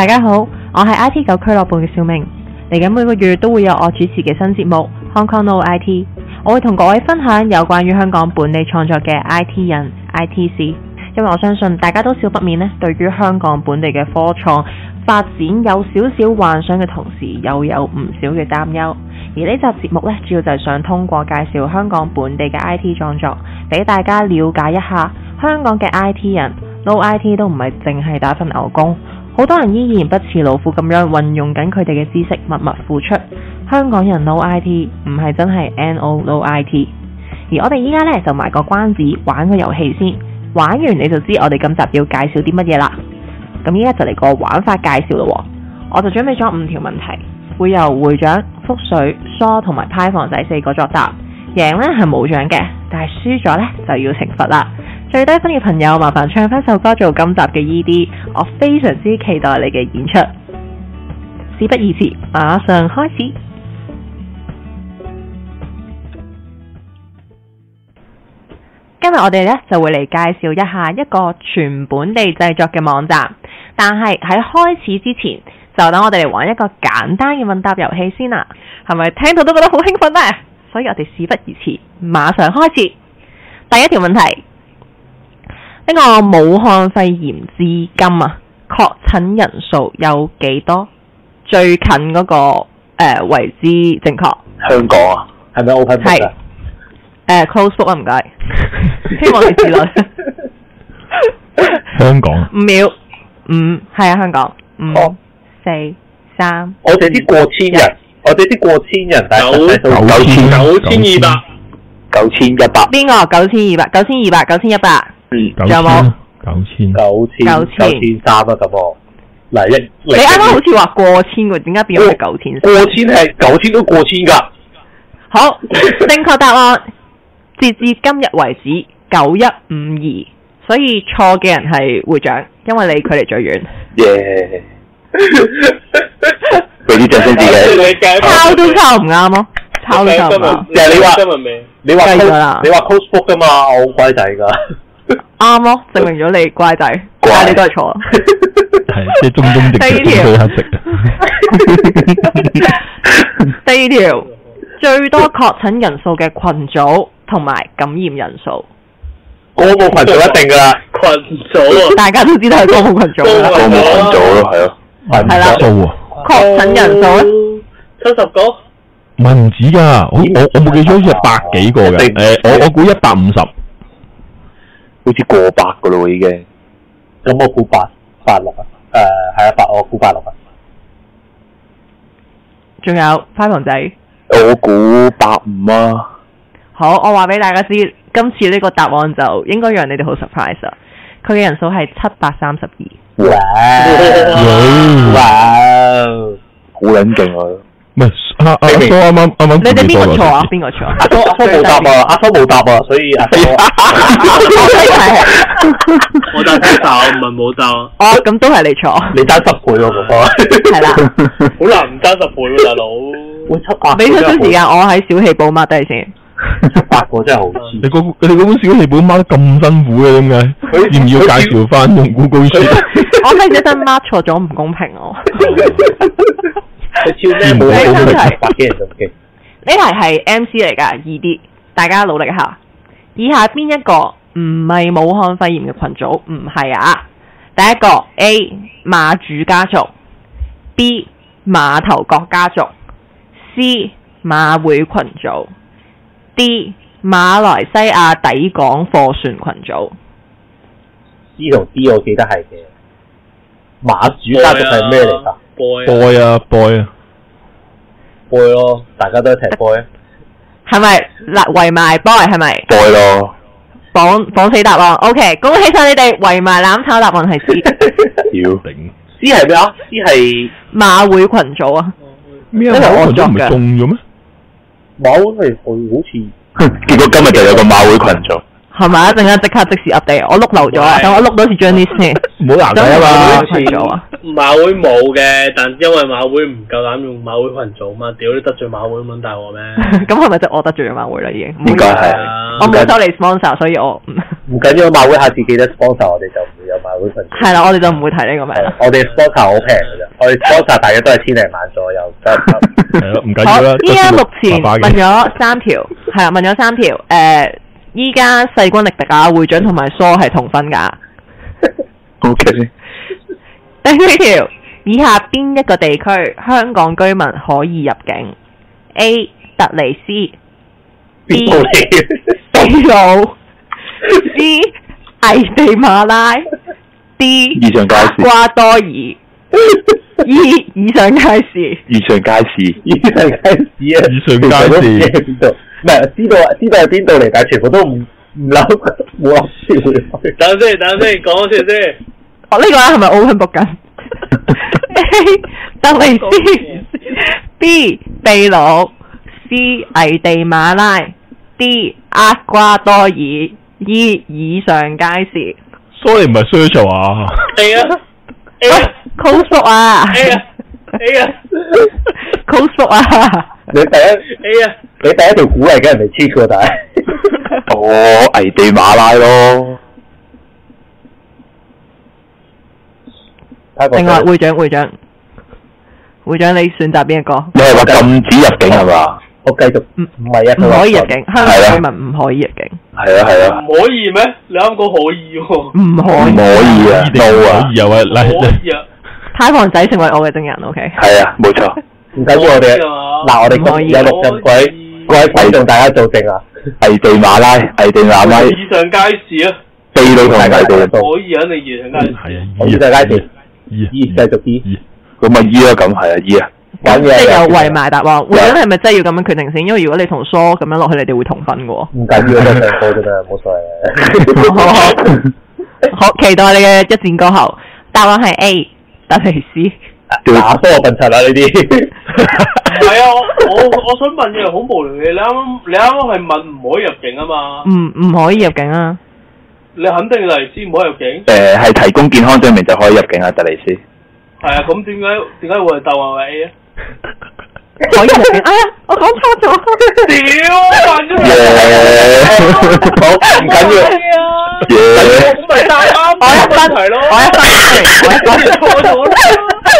大家好，我係 I T 九俱樂部嘅小明，嚟緊每個月都會有我主持嘅新節目 Hong Kong No I T。我會同各位分享有關於香港本地創作嘅 I T 人 I T 事，因為我相信大家都少不免呢，對於香港本地嘅科創發展有少少幻想嘅同時，又有唔少嘅擔憂。而呢集節目呢，主要就係想通過介紹香港本地嘅 I T 創作，俾大家了解一下香港嘅 I T 人 l o、No、I T 都唔係淨係打份牛工。好多人依然不辭勞苦咁樣運用緊佢哋嘅知識，默默付出。香港人 no IT 唔係真係 no no IT。而我哋依家咧就埋個關子，玩個遊戲先。玩完你就知我哋今集要介紹啲乜嘢啦。咁依家就嚟個玩法介紹咯。我就準備咗五條問題，會由會長、覆水、梳同埋 Python 仔四個作答。贏咧係冇獎嘅，但係輸咗咧就要懲罰啦。最低分嘅朋友，麻煩唱翻首歌做今集嘅 ED，我非常之期待你嘅演出。事不宜遲，馬上開始。今日我哋咧就會嚟介紹一下一個全本地製作嘅網站，但係喺開始之前，就等我哋嚟玩一個簡單嘅問答遊戲先啦。係咪聽到都覺得好興奮呢？所以我哋事不宜遲，馬上開始。第一條問題。呢個武漢肺炎至今啊，確診人數有幾多？最近嗰、那個誒為之正確？香港啊，係咪 Open Book 啊？係誒、呃、，Close Book 啊，唔該。 希望你自律。香港五秒五，係啊，香港五四三。我哋啲過千人，我哋啲過千人 9, 9000, 9200, 9200,，九九千九千二百，九千一百。邊個？九千二百，九千二百，九千一百。有冇九千九千九千九千三啊？咁嗱一，你啱啱好似話過千喎，點解變咗係九千三？過千係九千都過千噶。 好，正確答案，截至今日為止九一五二，9152，所以錯嘅人係會長，因為你距離最遠。耶、yeah. ！俾呢掌聲知嘅？抄都抄唔啱咯，抄唔到。就係你話，你話 close book 噶嘛？我好乖仔噶。啱咯，證明咗你乖仔，但係你都係錯。係即係中中直直去黑色嘅。第二條最多確診人數嘅羣組同埋感染人數，嗰個羣組一定㗎，羣組大家都知道係嗰個羣組啦。嗰個羣組咯，係咯，係唔錯喎。確診人數七十個，唔係唔止㗎，我我我冇記錯好似係百幾個嘅，誒我我估一百五十。好似過百噶咯，已經。咁我估八，八六啊，誒、呃，係啊，八，我估八六啊。仲有花房仔，我估八五啊。好，我話俾大家知，今次呢個答案就應該讓你哋好 surprise 啊。佢嘅人數係七百三十二。哇！哇！好撚勁啊！ 唔係阿阿叔阿媽阿媽，你哋邊個錯啊？邊個錯啊？阿叔冇答啊！阿叔冇答啊！所以阿，我真係錯我真係錯唔係冇錯哦，咁、啊、都係你錯。你爭十倍喎、啊，哥哥係啦，好難爭十倍喎、啊，大佬。我出啊，俾少少時間我喺小氣簿抹低先看看。七八個真係好黐。你嗰你嗰本小氣簿抹得咁辛苦嘅點解？要唔要介紹翻蒙古故事？我係覺得抹錯咗唔公平哦。佢超咩？冇、嗯嗯、問題，呢題係 M C 嚟噶，易啲，大家努力下。以下邊一個唔係武漢肺炎嘅群組？唔係啊，第一個 A 馬主家族，B 馬頭角家族，C 馬會群組，D 馬來西亞抵港貨船群組。C 同 D 我記得係嘅，馬主家族係咩嚟噶？Oh yeah. boy 啊 boy 啊 boy 咯，大家都一齊 boy，係咪嗱圍埋 boy 係咪？boy 咯，綁綁死答案。ok，恭喜晒你哋圍埋攬炒答案係 c，要 c 係咩啊？c 係馬會群組啊？咩馬會群組唔中咗咩？馬會係好似，結果今日就有個馬會群組。係咪啊？一陣間即刻即時 update，我碌漏咗啊！等我碌到時將啲先，唔好難睇啊嘛！馬會冇嘅，但因為馬會唔夠膽用馬會群組嘛，屌你得罪馬會咁大鑊咩？咁係咪真我得罪咗馬會啦已經？應該係，我唔冇收你 sponsor，所以我唔唔緊要。馬會下次記得 sponsor，我哋就唔會有馬會群。係 啦，我哋就唔會提呢個名啦。我哋 sponsor 好平噶咋， 我哋 sponsor 大約都係千零萬左右。得得。唔緊要啦。依家目前問咗三條，係 啦，問咗三條。誒、呃，依家勢均力敵啊，會長同埋蘇係同分噶。O K。第二條以下邊一個地區香港居民可以入境？A. 特尼斯 B. 秘魯 C. 危地馬拉 D. 厄瓜多爾。 E。以上皆是。以上皆是。以上皆是。以以上皆是。唔知邊度？唔係知道，知道係邊度嚟？但係全部都唔唔諗，唔諗住。等等先，等先，講先先。哦這個，是是 a, 我呢個係咪 open book A 德維斯，B 秘魯 ，C 危地馬拉，D 厄瓜多爾，E 以上皆是。Sorry，唔係 social 啊。係 Coastburg 啊。哎呀，叔啊。哎啊，哎呀，康叔啊。你第一，a 你第一條股係跟人哋黐佢仔。但是 哦，危地馬拉咯。另外，會長，會長，會長，你選擇邊一個？你係話禁止入境係嘛？我繼續。唔係啊，唔可以入境。係啊，居民唔可以入境。係啊，係啊。唔可以咩？你啱講可以喎。唔可以啊！唔可以啊！唔可以啊！太防仔成為我嘅證人，OK。係啊，冇錯。唔緊要我哋，嗱我哋今日嘅貴貴貴眾大家做證啊！危地馬拉，危地馬拉。以上皆是啊。閉對同埋貴眾。可以肯定以上皆是。係啊，以上皆是。E，即係 b E，個咪 E 咯，咁係啊，E 啊，即係又為埋答案，或者係咪真係要咁樣決定先？因為如果你同 so 咁樣落去，你哋會同分嘅。唔緊要，我上 so 啫冇所謂好，好，好，好，期待你嘅一戰過後，答案係 A，答嚟 C。打波笨柒啦呢啲。係 啊，我我想問嘢好無聊嘅，你啱啱你啱啱係問唔可以入境啊嘛？唔唔可以入境啊？你肯定利斯唔好入境。誒，係提供健康證明就可以入境啊，特尼斯。係啊，咁點解點解會係答案係 A 啊？好啊，我講錯咗。屌啊！Yeah，好，唔緊要。Yeah，好，再啱，下一題咯。下一題，我講錯咗啦。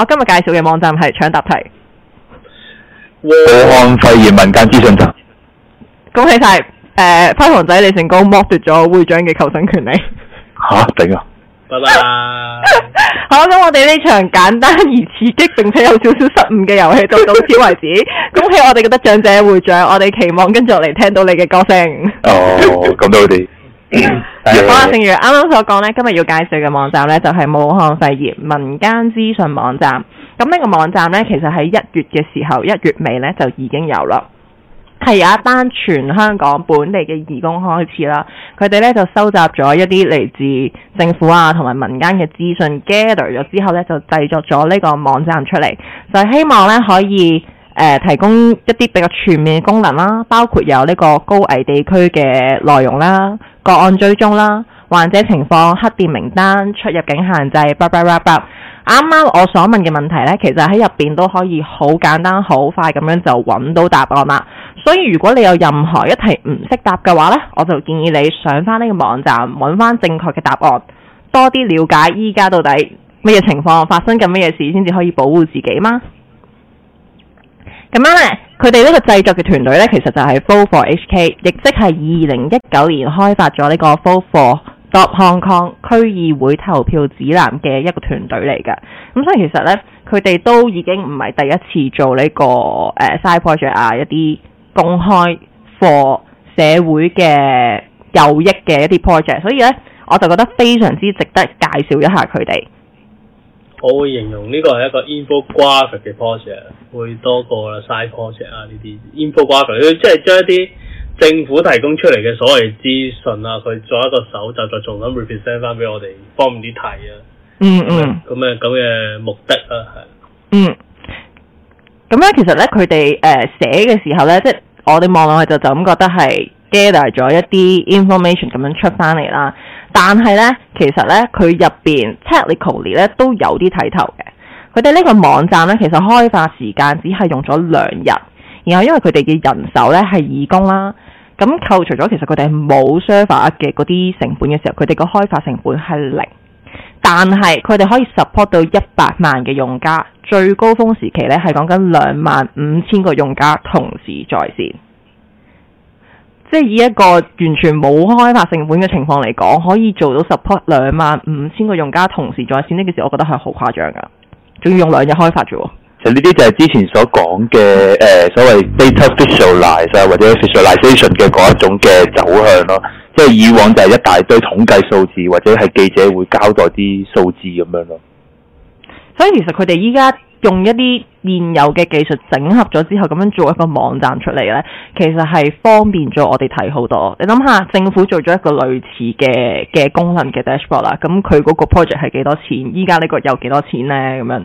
我今日介紹嘅網站係搶答題。武漢肺炎民間資訊站。恭喜晒。誒，飛、呃、鴻仔你成功剝奪咗會長嘅求生權利。吓、啊、頂啊！拜拜。 好，咁我哋呢場簡單而刺激，並且有少少失誤嘅遊戲就到此為止。 恭喜我哋嘅得獎者會長，我哋期望跟住落嚟聽到你嘅歌聲。哦，咁都好啲。好、嗯、啦、嗯，正如啱啱所講呢，今日要介紹嘅網站呢，就係、是、武漢肺炎民間資訊網站。咁呢個網站呢，其實喺一月嘅時候，一月尾呢，就已經有啦。係有一班全香港本地嘅義工開始啦，佢哋呢，就收集咗一啲嚟自政府啊同埋民間嘅資訊，gather 咗之後呢，就製作咗呢個網站出嚟，就是、希望呢，可以。誒、呃，提供一啲比較全面嘅功能啦，包括有呢個高危地區嘅內容啦，個案追蹤啦，患者情況、黑店名單、出入境限制，巴拉巴拉，啱啱我所問嘅問題呢，其實喺入邊都可以好簡單、好快咁樣就揾到答案啦。所以如果你有任何一題唔識答嘅話呢，我就建議你上翻呢個網站揾翻正確嘅答案，多啲了解依家到底乜嘢情況發生緊乜嘢事，先至可以保護自己嘛。咁咧，佢哋呢個製作嘅團隊咧，其實就係 Full Four HK，亦即係二零一九年開發咗呢個 Full Four dot Hong Kong 區議會投票指南嘅一個團隊嚟嘅。咁所以其實咧，佢哋都已經唔係第一次做呢、這個誒、呃、side project、啊、一啲公開 for 社會嘅有益嘅一啲 project。所以咧，我就覺得非常之值得介紹一下佢哋。我會形容呢個係一個 infographic 嘅 project，會多過了 side project 啊。呢啲 infographic，即係將一啲政府提供出嚟嘅所謂資訊啊，佢做一個搜集，再重咁 represent 翻俾我哋方便啲睇啊。嗯嗯，咁嘅咁嘅目的啊，係。嗯，咁、嗯、咧，其實咧佢哋誒寫嘅時候咧，即係我哋望落去就就咁覺得係 gather 咗一啲 information 咁樣出翻嚟啦。但係呢，其實呢，佢入邊 technically 咧都有啲睇頭嘅。佢哋呢個網站呢，其實開發時間只係用咗兩日。然後因為佢哋嘅人手呢係義工啦，咁扣除咗其實佢哋係冇 server 嘅嗰啲成本嘅時候，佢哋個開發成本係零。但係佢哋可以 support 到一百萬嘅用家，最高峰時期呢，係講緊兩萬五千個用家同時在線。即係以一個完全冇開發成本嘅情況嚟講，可以做到 support 兩萬五千個用家同時在線呢件事，我覺得係好誇張㗎，仲要用兩日開發啫喎。其實呢啲就係之前所講嘅誒所謂 data visualization 或者 visualization 嘅嗰一種嘅走向咯。即係以往就係一大堆統計數字，或者係記者會交代啲數字咁樣咯。所以其實佢哋依家，用一啲現有嘅技術整合咗之後，咁樣做一個網站出嚟呢，其實係方便咗我哋睇好多。你諗下，政府做咗一個類似嘅嘅功能嘅 dashboard 啦，咁佢嗰個 project 係幾多錢？依家呢個有幾多錢呢？咁樣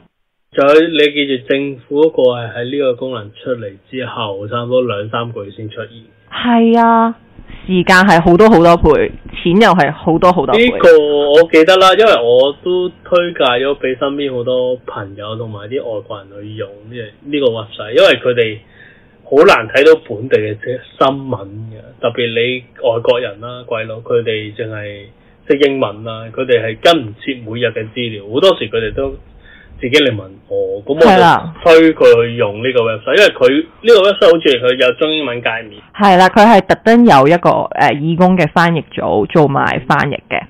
仲有你記住政府嗰個係喺呢個功能出嚟之後，差唔多兩三個月先出現。係啊。時間係好多好多倍，錢又係好多好多倍。呢、這個我記得啦，因為我都推介咗俾身邊好多朋友同埋啲外國人去用呢，呢個屈勢，因為佢哋好難睇到本地嘅新聞嘅，特別你外國人啦，鬼佬，佢哋淨係識英文啦，佢哋係跟唔切每日嘅資料，好多時佢哋都。自己嚟問我，咁、哦、我就推佢去用呢個 website，因為佢呢、呢個 website 好似佢有中英文界面。係啦，佢係特登有一個誒、呃、義工嘅翻譯組做埋翻譯嘅。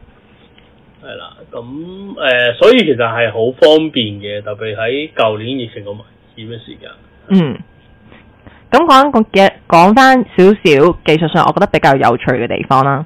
係啦，咁誒、呃，所以其實係好方便嘅，特別喺舊年疫情嗰埋啲嘅時間。嗯，咁講返嘅講翻少少技術上，我覺得比較有趣嘅地方啦。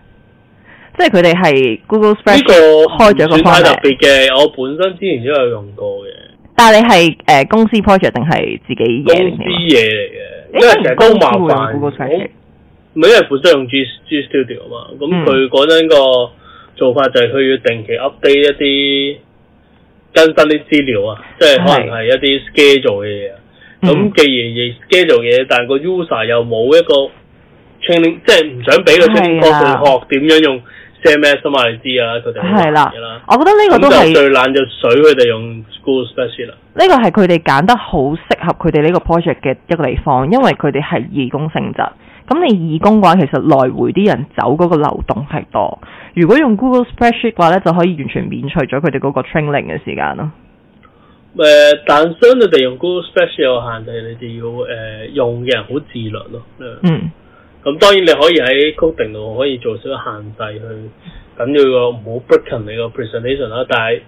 即係佢哋係 Google Spreadsheet 呢個唔算太特別嘅，我本身之前都有用過嘅。但係你係誒公司 project 定係自己嘢？公司嘢嚟嘅，因為其實都麻煩。唔係因為本身用 G Studio 啊嘛，咁佢嗰陣個做法就係佢要定期 update 一啲更新啲資料啊，即係可能係一啲 schedule 嘅嘢。咁既然 schedule 嘢，但係個 user 又冇一個 training 即係唔想俾個 training course 佢學點樣用。即咩都你知啊！佢哋係啦，我覺得呢個都係最難就水佢哋用 Google Spreadsheet 呢個係佢哋揀得好適合佢哋呢個 project 嘅一個地方，因為佢哋係義工性質。咁你義工嘅話，其實來回啲人走嗰個流動係多。如果用 Google Spreadsheet 嘅話呢，就可以完全免除咗佢哋嗰個 training 嘅時間咯。誒，但相對地，用 Google Spreadsheet 有限，但係你哋要誒用嘅人好自律咯。嗯。咁當然你可以喺 coding 度可以做少少限制去，緊要個唔好 breaking 你個 presentation 啦。但係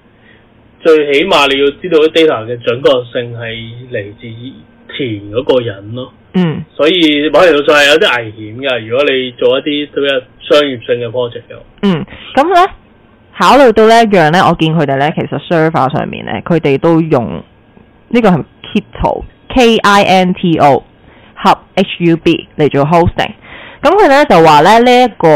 最起碼你要知道 data 嘅準確性係嚟自前嗰個人咯。嗯，所以某程度上係有啲危險嘅。如果你做一啲比較商業性嘅 project 嘅，嗯，咁咧考慮到呢一樣咧，我見佢哋咧其實 server 上面咧，佢哋都用呢、呢個係 Kinto K I N T O 合 H U B 嚟做 hosting。咁佢咧就話咧呢一個誒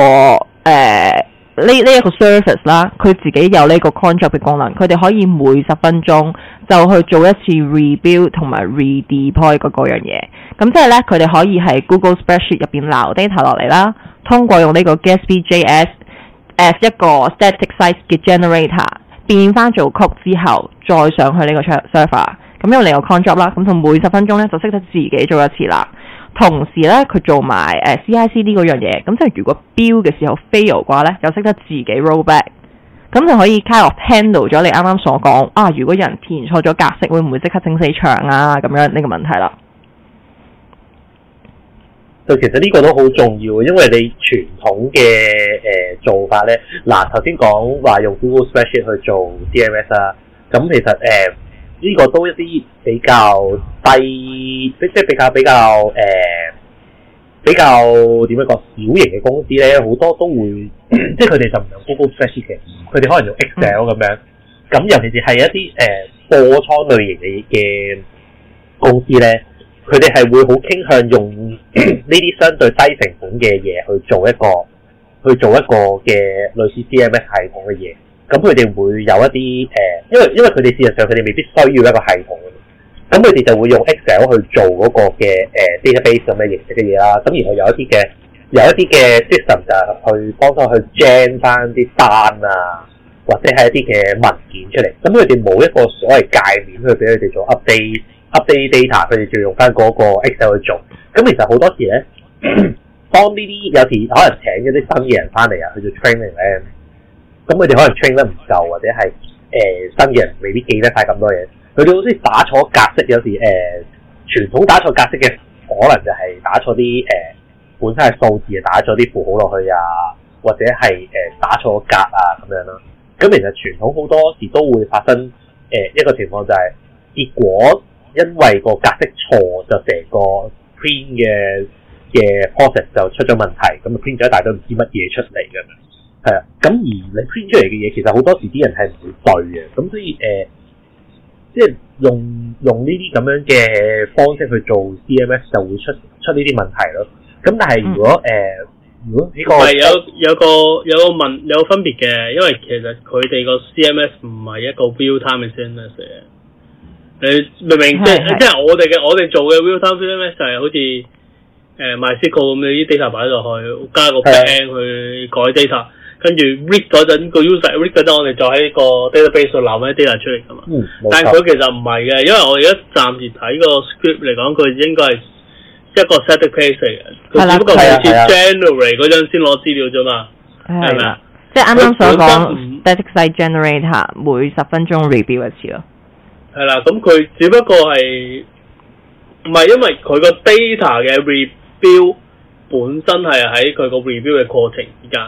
呢呢一個 service 啦，佢自己有呢個 contract 嘅功能，佢哋可以每十分鐘就去做一次 rebuild 同埋 redeploy 嗰嗰樣嘢。咁即係咧佢哋可以喺 Google Spreadsheet 入面撈啲 data 落嚟啦，通過用呢個 Gatsby JS as 一個 static site 嘅 generator 變翻做 code 之後，再上去呢個 server。咁用嚟個 contract 啦，咁就每十分鐘咧就識得自己做一次啦。同時咧，佢做埋誒、呃、CICD 呢嗰樣嘢，咁即係如果 build 嘅時候 fail 嘅話咧，就識得自己 rollback，咁就可以 kind of handle 咗你啱啱所講啊，如果人填錯咗格式，會唔會即刻整死場啊？咁樣呢、呢個問題啦。誒，其實呢個都好重要，因為你傳統嘅誒、呃、做法咧，嗱頭先講話用 Google Spreadsheet 去做 DMS 啊，咁其實誒。呃呢、這個都一啲比較低，即即比較比較誒、呃、比較點樣講？小型嘅公司咧，好多都會 即係佢哋就唔用 Google Sheets 嘅，佢哋可能用 Excel 咁樣，咁 尤其是係一啲誒貨倉類型嘅嘅公司咧，佢哋係會好傾向用呢啲相對低成本嘅嘢去做一個去做一個嘅類似 CMS 系統嘅嘢。咁佢哋會有一啲誒。呃因為因為佢哋事實上佢哋未必需要一個系統，咁佢哋就會用 Excel 去做嗰個嘅 database 咁嘅形式嘅嘢啦。咁然後有一啲嘅有一啲嘅 system 就係去幫佢去 gen 翻啲單啊，或者係一啲嘅文件出嚟。咁佢哋冇一個所謂界面去俾佢哋做 update update data，佢哋就用翻嗰個 Excel 去做。咁其實好多時咧，當呢啲有時可能請咗一啲新嘅人翻嚟啊去做 training 咧，咁佢哋可能 train 得唔夠，或者係。誒新嘅人未必記得晒咁多嘢，佢哋好似打錯格式，有時誒傳統打錯格式嘅可能就係打錯啲誒本身係數字啊，打咗啲符號落去啊，或者係誒打錯格啊咁樣啦。咁其實傳統好多時都會發生誒一個情況，就係結果因為個格式錯，就成個 print 嘅嘅 process 就出咗問題，咁就 print 咗一大堆唔知乜嘢出嚟咁樣。係啊，咁而你 print 出嚟嘅嘢，其實好多時啲人係唔會對嘅，咁所以誒、呃、即係用用呢啲咁樣嘅方式去做 CMS 就會出出呢啲問題咯。咁但係如果誒、嗯呃、如果呢個係有有個有個問有個分別嘅，因為其實佢哋個 CMS 唔係一個 view time 嘅 CMS 嘅。你明明是是即係即我哋嘅我哋做嘅 view time CMS 就係好似誒、呃、MySQL 咁樣啲 data 擺落去，加個 plan 去改 data。跟住 read 嗰陣，這個 user read 嗰陣，我哋就喺個 database 度 load 啲 data 出嚟噶嘛。嗯、但佢其實唔係嘅，因為我而家暫時睇個 script 嚟講，佢應該係一個 set case 嚟嘅，係啦佢只不過每次 generate 嗰張先攞資料啫嘛，係咪啊？即係啱啱上 generator 每十分鐘 review 一次咯。係啦，咁佢只不過係唔係因為佢個 data 嘅 review 本身係喺佢個 review 嘅過程之間。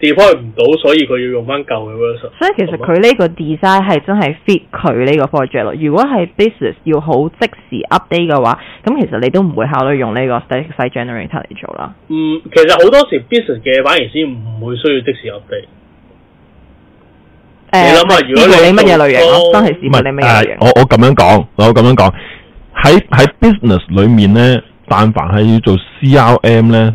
Deploy 唔到，所以佢要用翻舊嘅 version。所以其實佢呢個 design 係真係 fit 佢呢個 project 咯。如果係 business 要好即時 update 嘅話，咁其實你都唔會考慮用呢個 static site generator 嚟做啦。嗯，其實好多時 business 嘅反而先唔會需要即時 update，呃。你諗下，如果你乜嘢類型真係乜嘢類型？我我咁樣講，我咁、啊、樣講。喺喺 business 裏面咧，但凡係要做 CRM 咧。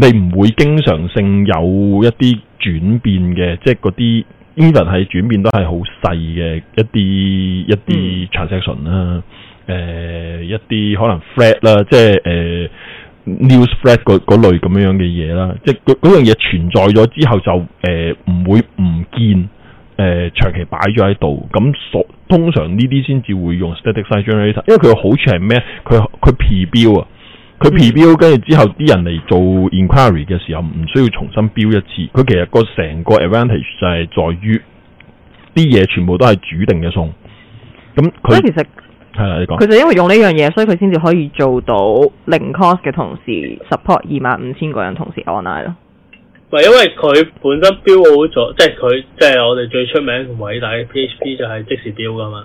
你唔會經常性有一啲轉變嘅，即係嗰啲 even 係轉變都係好細嘅一啲一啲 transaction 啦，一啲、呃、可能 flat 啦、呃，即係 news flat 嗰嗰類咁樣嘅嘢啦，即係嗰樣嘢存在咗之後就唔、呃、會唔見、呃、長期擺咗喺度，咁所通常呢啲先至會用 static site generator 因為佢嘅好處係咩？佢佢 pre-build 啊。佢 P 標，跟住之後啲人嚟做 inquiry 嘅時候，唔需要重新標一次。佢其實個成個 advantage 就係在於啲嘢全部都係煮定嘅餸。咁佢，所以其實係啦，你講佢就因為用呢樣嘢，所以佢先至可以做到零 cost 嘅同時 support 二萬五千個人同時 online 咯。唔係，因為佢本身標好咗，即係佢即係我哋最出名同偉大嘅 PHP 就係即時標噶嘛。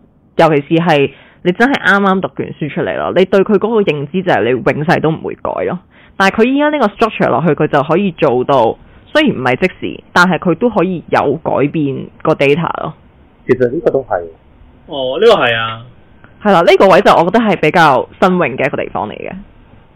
尤其是係你真係啱啱讀完書出嚟咯，你對佢嗰個認知就係你永世都唔會改咯。但係佢依家呢個 structure 落去，佢就可以做到。雖然唔係即時，但係佢都可以有改變個 data 咯。其實呢個都係，哦，呢個係啊，係啦，呢個位就我覺得係比較新穎嘅一個地方嚟嘅。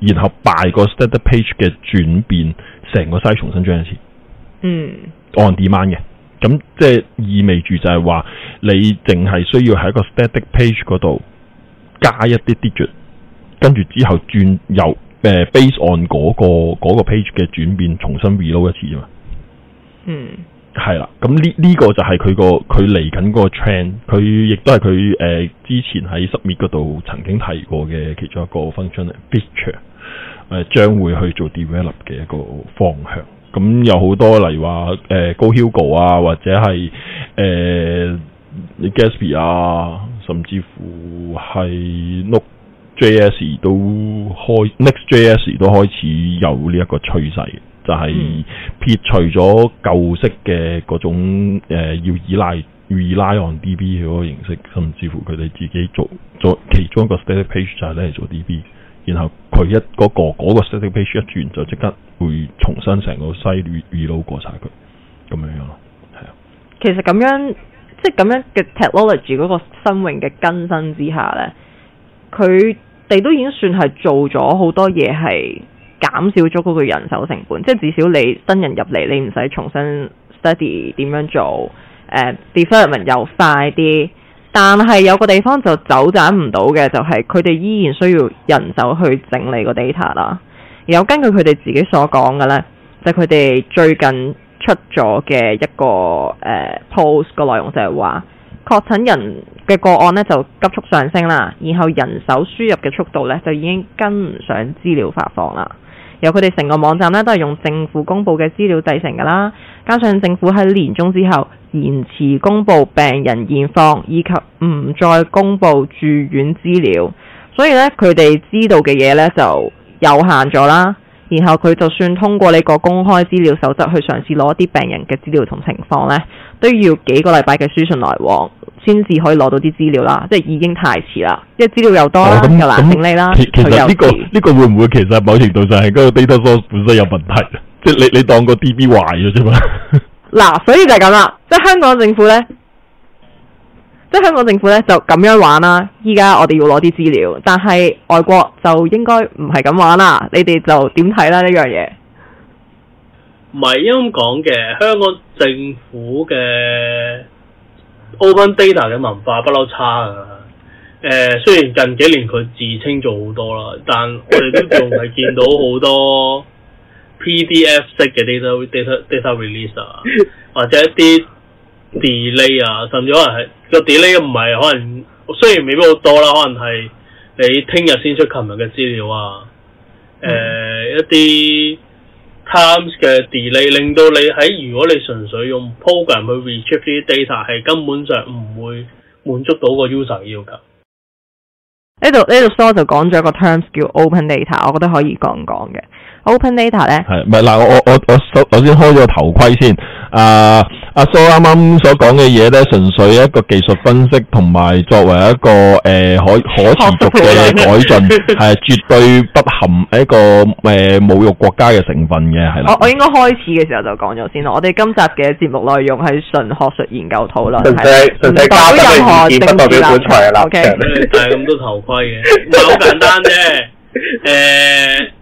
然後拜個 static page 嘅轉變，成個 site 重新裝一次。嗯，on demand 嘅，咁即係意味住就係話你淨係需要喺一個 static page 嗰度加一啲 digit，跟住之後轉由誒、呃、base on 嗰個 page 嘅轉變重新 reload 一次啫嘛。嗯。係啦，咁呢呢個就係佢個佢嚟緊個 trend，佢亦都係佢誒之前喺 submit 嗰度曾經提過嘅其中一個 function，feature 誒、呃、將會去做 develop 嘅一個方向。咁有好多例如話誒高 Hugo 啊，或者係誒、呃、Gatsby 啊，甚至乎係 Node JS 都開，Next JS 都開始有呢一個趨勢。就係、是、撇除咗舊式嘅嗰種、呃、要依賴 rely on DB 嗰個形式，甚至乎佢哋自己做咗其中一個 static page 就係咧做 DB，然後佢一嗰、那個嗰、那個 static page 一轉就即刻會重新成個 site reload 過曬佢，咁樣樣咯，係啊。其實咁樣即係咁樣嘅 technology 嗰個新穎嘅更新之下咧，佢哋都已經算係做咗好多嘢係。減少咗嗰個人手成本，即係至少你新人入嚟，你唔使重新 study 點樣做，uh, development 又快啲。但係有個地方就走盞唔到嘅，就係佢哋依然需要人手去整理個 data 啦。然後根據佢哋自己所講嘅呢，就係佢哋最近出咗嘅一個、uh, post 嘅內容就係話，確診人嘅個案呢就急速上升啦，然後人手輸入嘅速度呢就已經跟唔上資料發放啦。由佢哋成個網站呢，都係用政府公布嘅資料製成㗎啦，加上政府喺年中之後延遲公布病人現況，以及唔再公布住院資料，所以呢，佢哋知道嘅嘢呢就有限咗啦。然後佢就算通過呢個公開資料守則去嘗試攞啲病人嘅資料同情況呢，都要幾個禮拜嘅書信來往。先至可以攞到啲資料啦，即係已經太遲啦，因為資料又多，哦、又難整理啦。其實呢、呢個呢、呢個會唔會其實某程度上係嗰個 data source 本身有問題？ 即係你你當個 DB 壞咗啫嘛。嗱，所以就係咁啦，即係香港政府咧，即係香港政府咧就咁樣玩啦。依家我哋要攞啲資料，但係外國就應該唔係咁玩啦。你哋就點睇咧呢樣嘢？唔係咁講嘅，香港政府嘅。Open data 嘅文化不嬲差啊！誒、呃，雖然近幾年佢自稱做好多啦，但我哋都仲係見到好多 PDF 式嘅 data data data release 啊，或者一啲 delay 啊，甚至可能係個 delay 唔係可能雖然未必好多啦，可能係你聽日先出琴日嘅資料啊、呃嗯，一啲。Times 嘅 delay 令到你喺如果你純粹用 program 去 retrieve 啲 data 係根本上唔會滿足到個 user 嘅要求。呢度呢度 store 就講咗個個 terms 叫 open data，我覺得可以講講嘅。open data 咧係咪嗱？我我我首先開咗個頭盔先。啊！阿蘇啱啱所講嘅嘢咧，純粹一個技術分析，同埋作為一個誒、呃、可可持續嘅改進，係 絕對不含一個誒、呃、侮辱國家嘅成分嘅，係、哦、我應該開始嘅時候就講咗先啦。我哋今集嘅節目內容係純學術研究討論，唔搞任何政治教材啦。O K，戴咁多頭盔嘅，好 簡單啫。 欸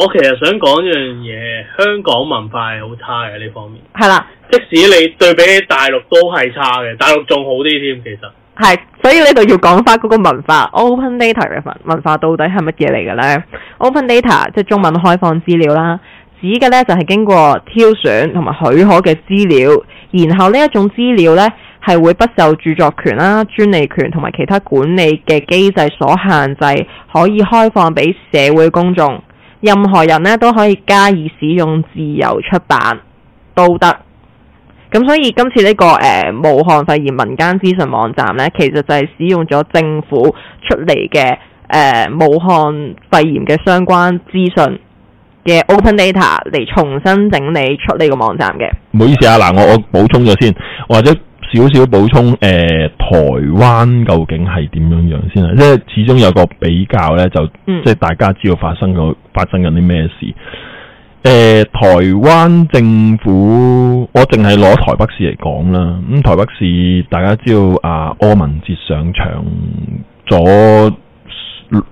我其實想講一樣嘢，香港文化係好差嘅呢方面係啦。即使你對比大陸都係差嘅，大陸仲好啲添。其實係，所以呢度要講翻嗰個文化 Open Data 嘅文化到底係乜嘢嚟嘅呢？Open Data 即係中文開放資料啦，指嘅呢就係經過挑選同埋許可嘅資料，然後呢一種資料呢，係會不受著作權啦、專利權同埋其他管理嘅機制所限制，可以開放俾社會公眾。任何人咧都可以加以使用、自由出版都得。咁所以今次呢，呢個誒、呃、武漢肺炎民間資訊網站咧，其實就係使用咗政府出嚟嘅誒武漢肺炎嘅相關資訊嘅 open data 嚟重新整理出呢個網站嘅。唔好意思啊，嗱我我補充咗先，或者。少少補充，誒、呃，台灣究竟係點樣樣先啊？即係始終有個比較呢，就即係、嗯、大家知道發生過發生緊啲咩事。誒、呃，台灣政府，我淨係攞台北市嚟講啦。咁、嗯、台北市大家知道啊，柯文哲上場咗。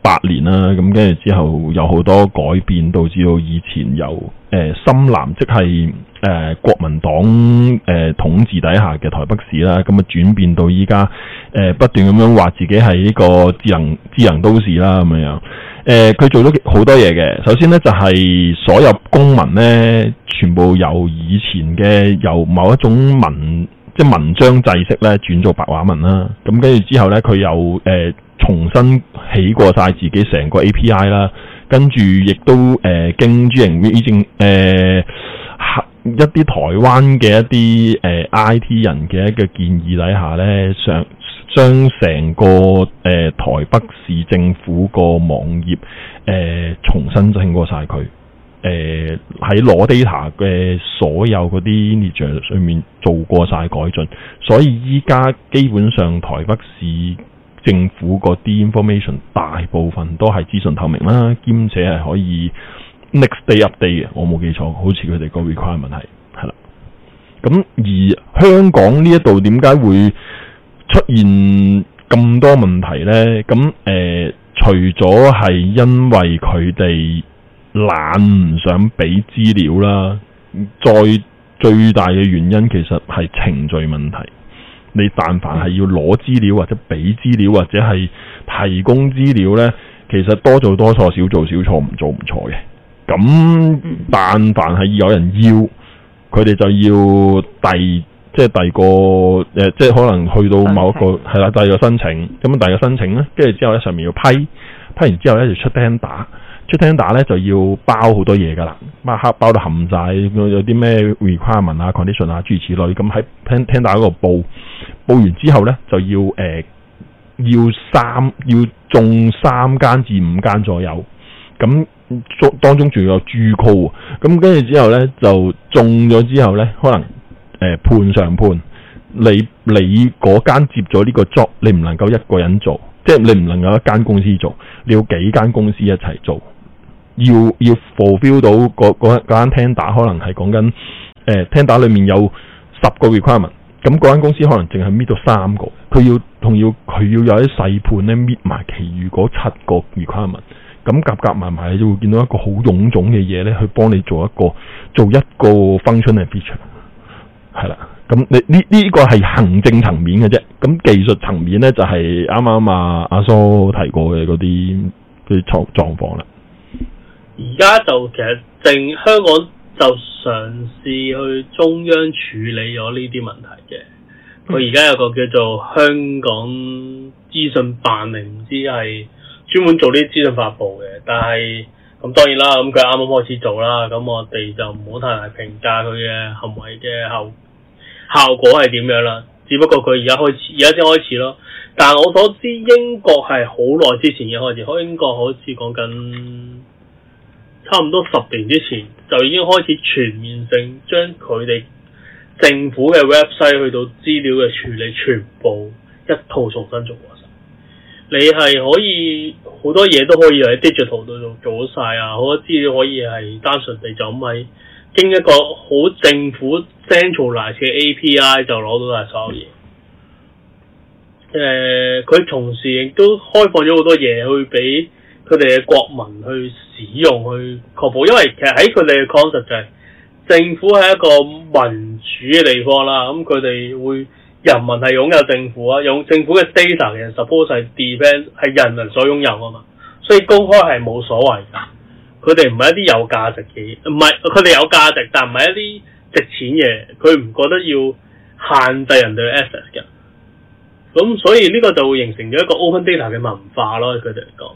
八年啦，咁跟住之後有好多改變，導致到以前由誒、呃、深藍，即係誒、呃、國民黨誒、呃、統治底下嘅台北市啦，咁啊轉變到依家誒不斷咁樣話自己係一個智能智能都市啦咁樣樣。佢、呃、做咗好多嘢嘅，首先呢，就係、是、所有公民呢，全部由以前嘅由某一種文即係文章制式咧轉做白話文啦，咁跟住之後呢，佢又。誒、呃。重新起過晒自己成個 API 啦，跟住亦都誒經專營委證誒一啲台灣嘅一啲誒、呃、IT 人嘅一個建議底下咧，上將成個誒、呃、台北市政府個網頁誒、呃、重新整過曬佢，誒、呃，喺攞 data 嘅所有嗰啲 n a r e 上面做過曬改進，所以依家基本上台北市。政府啲 information 大部分都係資訊透明啦，兼且係可以 next day update 嘅。我冇記錯，好似佢哋個 requirement 係啦。咁而香港呢一度點解會出現咁多問題咧？咁誒、呃、除咗係因為佢哋懶唔想俾資料啦，再最大嘅原因其實係程序問題。你但凡係要攞資料或者俾資料或者係提供資料呢，其實多做多錯，少做少錯，唔做唔錯嘅。咁但凡係有人要，佢哋就要第即係第二個、呃、即係可能去到某一個係啦、嗯，第二個申請咁樣，第二個申請呢，跟住之後咧上面要批，批完之後咧就出釘打。出 tender 咧就要包好多嘢噶啦，晚黑包到含晒、啊，有啲咩 requirement 啊、condition 啊諸如此類。咁喺 tender 嗰度報報完之後咧，就要、呃、要三要中三間至五間左右。咁當中仲有住鋪。咁跟住之後咧，就中咗之後咧，可能誒、呃、判上判你你嗰間接咗呢個 job，你唔能夠一個人做，即係你唔能夠一間公司做，你要幾間公司一齊做，要要 fulfill 到嗰個間間 tender，可能係講緊誒 tender 裏面有十個 requirement，咁嗰間公司可能淨係搣到三個，佢要同要佢要有啲細判咧搣埋，其餘嗰七個 requirement，咁夾夾埋埋你就會見到一個好臃腫嘅嘢咧，去幫你做一個做一個 function 嚟 feature 係啦。咁你呢呢個係行政層面嘅啫，咁技術層面咧就係啱啱阿阿蘇提過嘅嗰啲嗰啲狀狀況啦。而家就其實正香港就嘗試去中央處理咗呢啲問題嘅。佢而家有個叫做香港資訊辦，定唔知係專門做呢啲資訊發布嘅。但係咁當然啦，咁佢啱啱開始做啦。咁我哋就唔好太大評價佢嘅行為嘅效效果係點樣啦。只不過佢而家開始，而家先開始咯。但我所知英國係好耐之前已經開始，英國好似講緊。差唔多十年之前，就已經開始全面性將佢哋政府嘅 website 去到資料嘅處理，全部一套重新做過晒。你係可以好多嘢都可以喺 digital 度做晒曬啊！好多資料可以係單純地就咁喺經一個好政府 centralize 嘅 API 就攞到晒所有嘢。誒、呃，佢同時亦都開放咗好多嘢去俾。佢哋嘅國民去使用去確保，因為其實喺佢哋嘅 concept 就係政府係一個民主嘅地方啦。咁佢哋會人民係擁有政府啊，用政府嘅 data 嘅 support depend 係人民所擁有啊嘛。所以公開係冇所謂噶。佢哋唔係一啲有價值嘅，唔係佢哋有價值，但唔係一啲值錢嘢，佢唔覺得要限制人哋嘅 assets 嘅。咁所以呢個就會形成咗一個 open data 嘅文化咯。佢哋嚟講。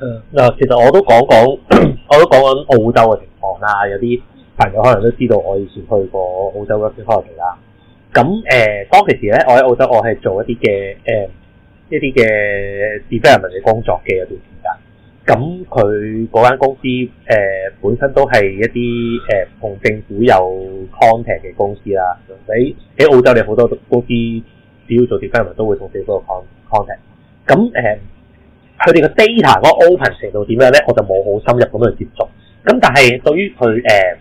嗱、嗯，其實我都講講，我都講緊澳洲嘅情況啦。有啲朋友可能都知道，我以前去過澳洲嘅、呃、一些開學啦。咁、呃、誒，當其時咧，我喺澳洲，我係做一啲嘅誒一啲嘅 development 嘅工作嘅一段時間。咁佢嗰間公司誒、呃、本身都係一啲誒同政府有 contact 嘅公司啦。咁喺澳洲，你好多公司只要做 development 都會同政府有 contact 咁誒。呃佢哋個 data 嗰個 open 程度點樣咧？我就冇好深入咁去接觸。咁但係對於佢誒，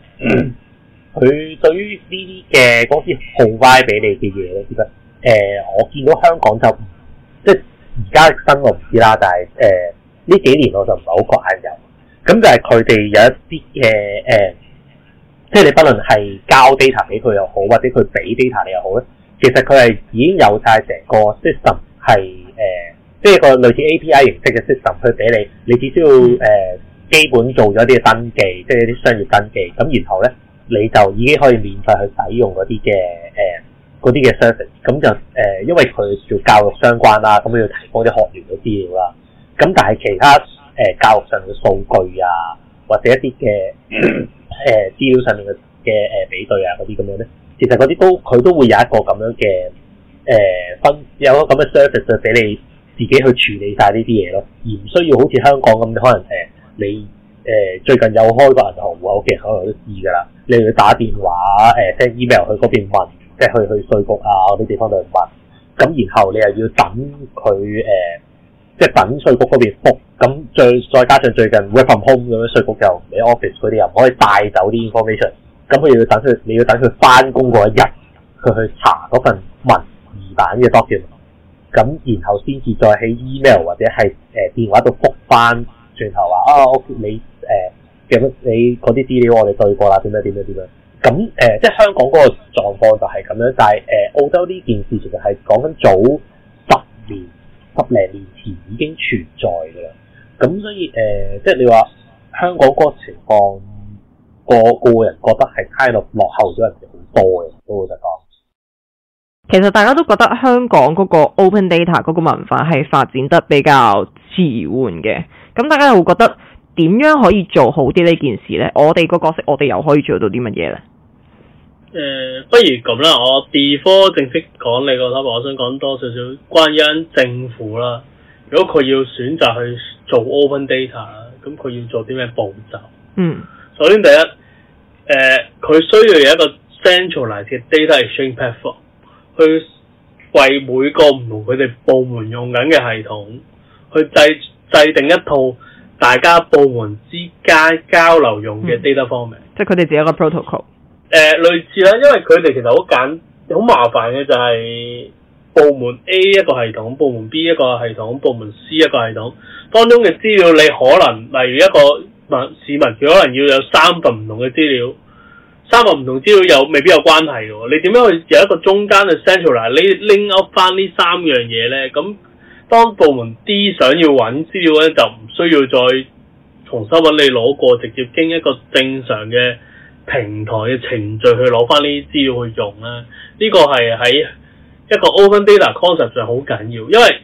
佢、呃、對於呢啲嘅公司 provide 俾你嘅嘢咧，其實誒，我見到香港就即係而家新唔知啦，但係誒呢幾年我就唔係好掛住。咁就係佢哋有一啲嘅誒，即係你不論係交 data 俾佢又好，或者佢俾 data 你又好咧。其實佢係已經有晒成個 system 係誒。呃即係個類似 A P I 形式嘅 system，佢俾你，你只需要誒基本做咗啲嘅登記，即係啲商業登記咁，然後咧你就已經可以免費去使用嗰啲嘅誒嗰啲嘅 service。咁就誒，因為佢叫教育相關啦，咁要提供啲學員嘅資料啦。咁但係其他誒教育上嘅數據啊，或者一啲嘅誒資料上面嘅嘅誒比對啊嗰啲咁樣咧，其實嗰啲都佢都會有一個咁樣嘅誒分有咁嘅 service 俾你。自己去處理曬呢啲嘢咯，而唔需要好似香港咁，你可能誒你誒最近有開個銀行戶口嘅，可能都知㗎啦。你要打電話誒 send email 去嗰邊問，即係去去稅局啊嗰啲地方度問。咁然後你又要等佢誒，即係等稅局嗰邊覆。咁再再加上最近 remote home 咁樣，稅局就 office 嗰啲又唔可以帶走啲 information。咁佢又要等佢你要等佢翻工嗰一日，佢去查嗰份文二版嘅 document。咁然後先至再喺 email 或者係電話度覆返轉頭話啊，我你誒、呃、你嗰啲資料我哋對過啦，點樣點樣點樣。咁、嗯呃、即係香港嗰個狀況就係咁樣，但係、呃、澳洲呢件事其實係講緊早十年十零年前已經存在嘅喇。咁、嗯、所以誒、呃，即係你話香港嗰個情況，個個人覺得係差到落後咗人哋好多嘅，都會得講。其實大家都覺得香港嗰個 open data 嗰個文化係發展得比較遲緩嘅。咁大家又會覺得點樣可以做好啲呢件事呢？我哋個角色，我哋又可以做到啲乜嘢呢？誒、呃，不如咁啦，我 before 正式講你個 topic，我想講多少少關於政府啦。如果佢要選擇去做 open data，咁佢要做啲咩步驟？嗯，首先第一，佢、呃、需要有一個 centralized data exchange platform。去為每個唔同佢哋部門用緊嘅系統，去制制定一套大家部門之間交流用嘅 data format，嗯、即係佢哋自己一個 protocol、呃。誒，類似啦，因為佢哋其實好簡好麻煩嘅就係部門 A 一個系統，部門 B 一個系統，部門 C 一個系統當中嘅資料，你可能例如一個民市民，佢可能要有三份唔同嘅資料。三個唔同資料有未必有關係嘅喎，你點樣去有一個中間嘅 centralize，你 link up 翻呢三樣嘢咧？咁當部門 D 想要揾資料咧，就唔需要再重新揾你攞過，直接經一個正常嘅平台嘅程序去攞翻呢啲資料去用啦。呢個係喺一個 open data concept 上好緊要，因為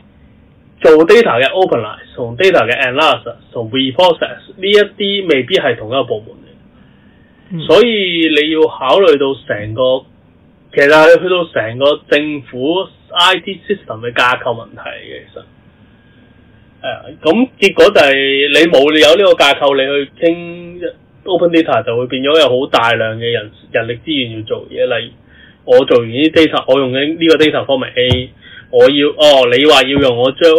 做 data 嘅 open line 同 data 嘅 analysis 同 reprocess 呢一啲未必係同一個部門。所以你要考慮到成個，其實係去到成個政府 IT system 嘅架構問題嘅，其實，咁、啊、結果就係你冇理由呢個架構，你去傾 open data 就會變咗有好大量嘅人人力資源要做嘢，例如我做完啲 data，我用緊呢個 data format A，我要哦你話要用我將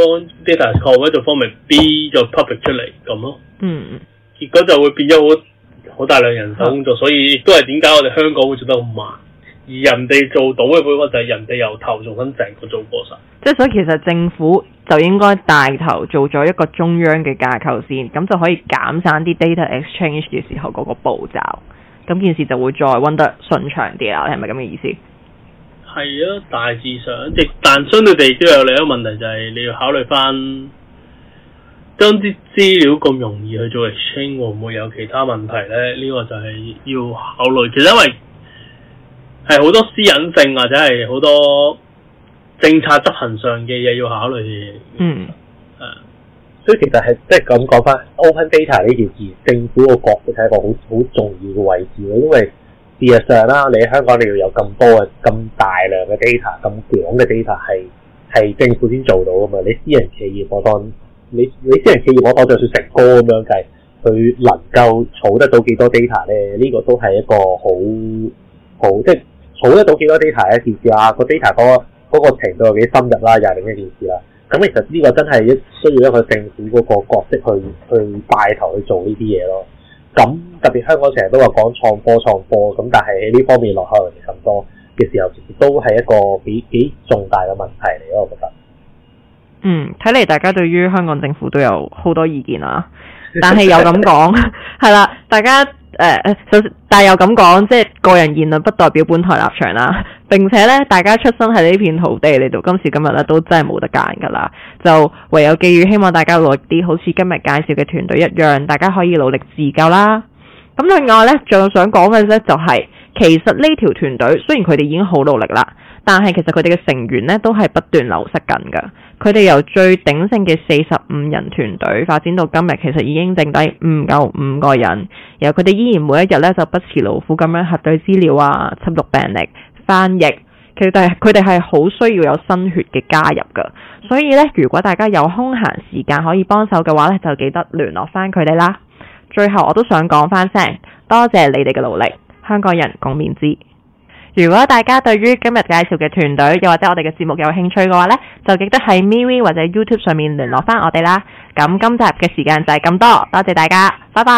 data 後屘度 format B 就 public 出嚟咁咯，嗯，結果就會變咗好。好大量人手工作，所以都係點解我哋香港會做得咁慢，而人哋做到嘅話就係、是、人哋由頭做緊成個做過程。即係所以其實政府就應該帶頭做咗一個中央嘅架構先，咁就可以減省啲 data exchange 嘅時候嗰個步驟，咁件事就會再溫得順暢啲啦，係咪咁嘅意思？係啊，大致上，亦但相對地都有另一個問題，就係、是、你要考慮翻。將啲資料咁容易去做 exchange，會唔會有其他問題咧？呢個就係要考慮。其實因為係好多私隱性，或者係好多政策執行上嘅嘢要考慮。嗯，所以其實係即係咁講翻 open data 呢件事，而政府個角色係一個好好重要嘅位置咯。因為事實上啦，你喺香港你要有咁多嘅咁大量嘅 data，咁廣嘅 data 係係政府先做到㗎嘛。你私人企業冇得。我你你私人企業攞到，就算食歌咁樣計，佢能夠儲得到幾多 data 咧？呢、呢個都係一個好好，即係儲得到幾多 data，一件事啊、嗰個 data 嗰、嗰個程度有幾深入啦、啊，又係另一件事啦、啊。咁其實呢個真係需要一個政府嗰個角色去去帶頭去做呢啲嘢咯。咁特別香港成日都話講創科創科，咁但係喺呢方面落後人哋咁多嘅時候，其實都係一個幾幾重大嘅問題嚟咯，我覺得。嗯，睇嚟大家對於香港政府都有好多意見啦，但係又咁講係啦。大家誒首、呃、但係又咁講，即係個人言論不代表本台立場啦。並且咧，大家出生喺呢片土地嚟到今時今日咧，都真係冇得揀噶啦。就唯有寄予希望大家努力啲，好似今日介紹嘅團隊一樣，大家可以努力自救啦。咁另外咧，仲想講嘅咧就係、是、其實呢條團隊雖然佢哋已經好努力啦，但係其實佢哋嘅成員咧都係不斷流失緊噶。佢哋由最鼎盛嘅四十五人團隊發展到今日，其實已經剩低唔夠五個人。然後佢哋依然每一日咧就不辭勞苦咁樣核對資料啊、輯錄病歷、翻譯。其實佢哋係好需要有新血嘅加入噶。所以咧，如果大家有空閒時間可以幫手嘅話咧，就記得聯絡翻佢哋啦。最後我都想講翻聲，多謝你哋嘅努力，香港人共勉之。如果大家對於今日介紹嘅團隊，又或者我哋嘅節目有興趣嘅話呢，就記得喺 MeWe 或者 YouTube 上面聯絡返我哋啦。咁今集嘅時間就係咁多，多謝大家，拜拜。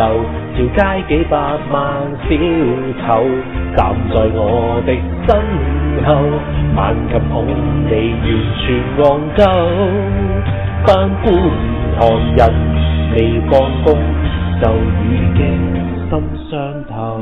條街幾百萬小丑站在我的身後，萬琴捧你完全憨鳩，班觀塘人未放工就已經心傷透。